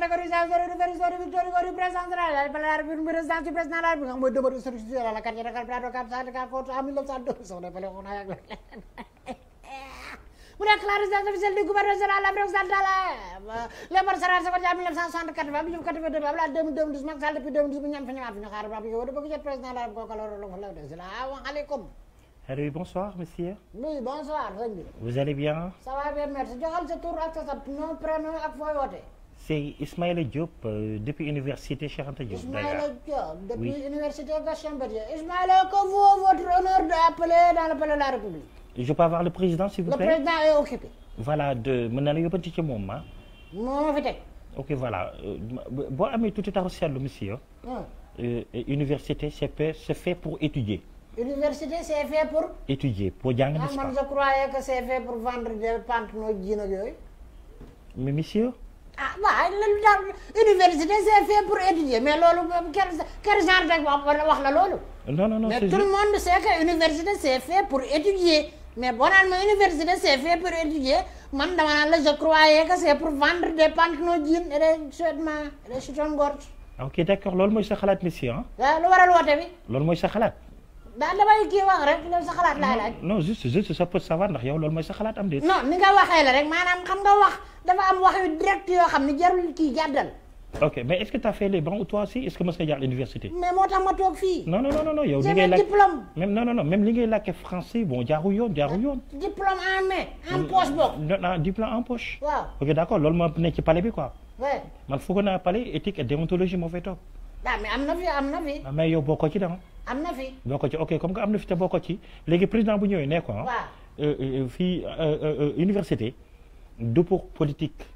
catégorie gendarmerie de service de victoire président de la République président ci président de la République mooy demande structure la carte de plateau carte de carte en 1902 soxna fële xona yak mu nekk la résidence officielle du gouverneur général la présidente de la Léopold Sédar Senghor en 1964 ba bi ñu 82 ba la 2012 Macky Sall depuis 2012 bu ñam fi ñaat fi ñu xaar ba bi yow da bëgg jot président la ko ko loro lo de la wa alaykum oui bonsoir monsieur oui bonsoir sëñ bi vous allez bien ça va bien merci joxal sa tur ak sa sant nom prénom ak fooy wootee c'est Ismaïla Diop euh, depuis université Cheikh Anta Diop. Ismaïla depuis université Gaston Berger. Ismaïla, que vaut votre honneur d'appeler dans le palais de la République. je peux avoir le président s'il vous plaît. le président est occupé. voilà de mën naa la yóbbante ci moom ah. moo ok voilà euh, boo amee tuuti taxaw seetlu monsieur. Ah. Euh, université c'est fait c'est pour étudier. pour. étudier pour jàng ah, que c'est fait pour vendre des pantalons jean ak mais monsieur. ah waaw loolu université c'est fait pour étudier mais loolu moom quel quel genre de wax la loolu. non non non mais tout le monde sait que université c'est fait pour étudier mais boo naan ma université c'est fait pour étudier man dama la je croyais que c'est pour vendre des pantalons jeans et des sous-vêtements et des ah, ok d'accord loolu mooy sa xalaat monsieur ah. Eh, waaw lu waral woote loolu mooy sa xalaat. daal damay kii wax rek loolu sa xalaat laay laaj. non juste juste ndax yow loolu mooy sa xalaat am de. non ni nga la rek maanaam xam nga wax dafa am wax yu direct yoo xam ne jarul kii jàddal. ok mais est-ce que t'as fait les bancs ou toi aussi est moo tax toog fii. non non non non yow. li ngay lakk même non non non même li ngay lakkee yoon jaaru yoon. Ah, diplôme en main en poche boobu. non diplôme en poche. waaw nekk ci palais bi quoi. oui man foog naa palais éthique et déontologie moo fay toog. Ah, ah, ci dama. am na fi. doo ko ci ok comme que am na fi te boo ko ci léegi président bu ñëwee nee euh, ko euh, fii euh, université du pour politique.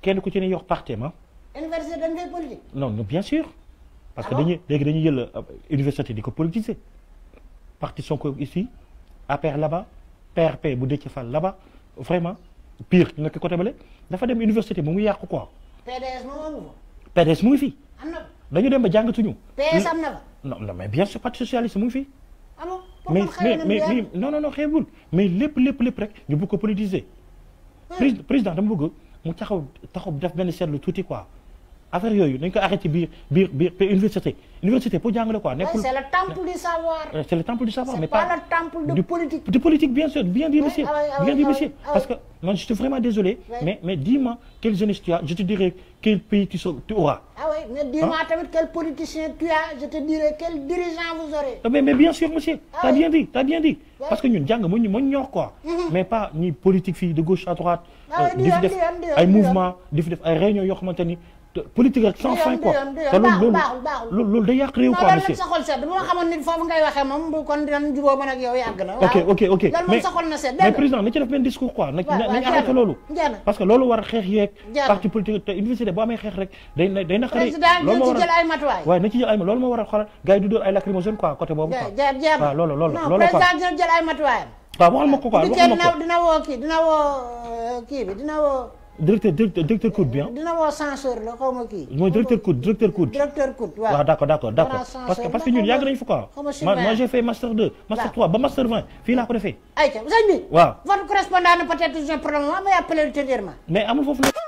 kenn ku ci ne yox parti ma. Ah. université dañ koy politique. non non bien parce que ah dañuy léegi dañuy jël université di ko politiser. parti Sonko ici APR là-bas PRP bu Déthié Fall là-bas vraiment pire nekk côté bële dafa dem université mu ngi yàqu quoi. PDS mu ngi fi. dañu dem ba jàngatuñu. PS am na fa. non non mais bien sûr parti socialiste mu fi. amoo ah mais mais mais non non non xeebul mais lépp lépp lépp rek ñu bëgg ko politiser. Hmm. président dama bëgg mu taxaw taxaw def benn seetlu tuuti quoi. affaire yooyu dañ ko arrêté biir biir université université pour jàngale quoi. nekkul c'est le temple du savoir. c'est le temple du savoir mais pas le temple de politique. bien sûr bien dit monsieur ah ah ah parce que je suis vraiment désolé. mais mais dis-moi quelle je te dirai quel pays tu auras. tu as mais bien sûr monsieur. t'as bien dit parce que ñun jàng moo ñu moo mm-hmm. mais pas ñi politique fii de gauche à droite. di ay mouvement di ay réunion yoo xamante politique rek sans fin quoi te loolu loolu day yàq réew quoi monsieur sa xol sedd bu ma xamoon nit foofu ngay waxee moom ma ko quoi waxal dina woo kii dina woo euh, kii dina woo directeur directeur directeur COUD directeur COUD directeur COUD. directeur COUD waaw waaw d' accord d' accord d' accord. ma ma j' master 2. master 3 ba master 20 fii laa ko defee. ayca sëñ votre correspondant peut être j' problème ma may appeler ultérieurement.